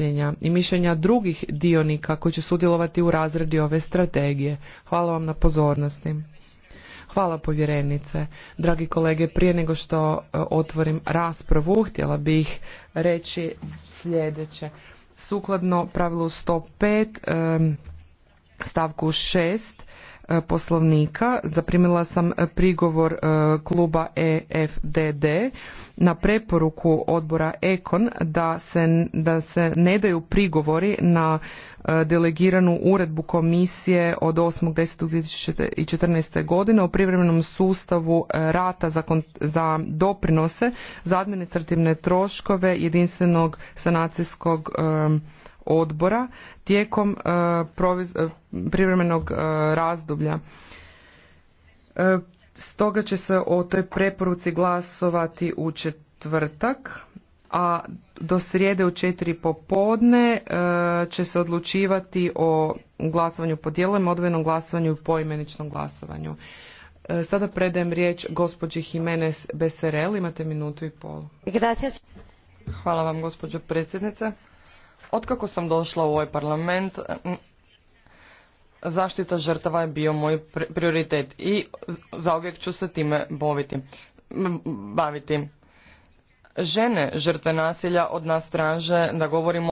mišljenja i mišljenja drugih dionika koji će sudjelovati u razredi ove strategije. Hvala vam na pozornosti. Hvala povjerenice. Dragi kolege, prije nego što e, otvorim raspravu, htjela bih reći sljedeće. Sukladno pravilu 105 e, stavku 6 e, poslovnika zaprimila sam prigovor kluba EFDD na preporuku odbora Ekon da se, da se ne daju prigovori na e, delegiranu uredbu komisije od 8.10.2014. godine o privremenom sustavu e, rata za, za doprinose za administrativne troškove jedinstvenog sanacijskog e, odbora tijekom privremenog razdoblja Stoga će se o toj preporuci glasovati u četvrtak, a do srijede u četiri popodne e, će se odlučivati o glasovanju po dijelom, odvojenom glasovanju i poimeničnom glasovanju. E, sada predajem riječ gospođi Jimenez Beserel, imate minutu i pol. Gracias. Hvala vam gospođo predsjednice. Otkako sam došla u ovaj parlament, zaštita žrtava je bio moj prioritet i zauvijek ću se time boviti, baviti. Žene žrtve nasilja od nas traže da govorimo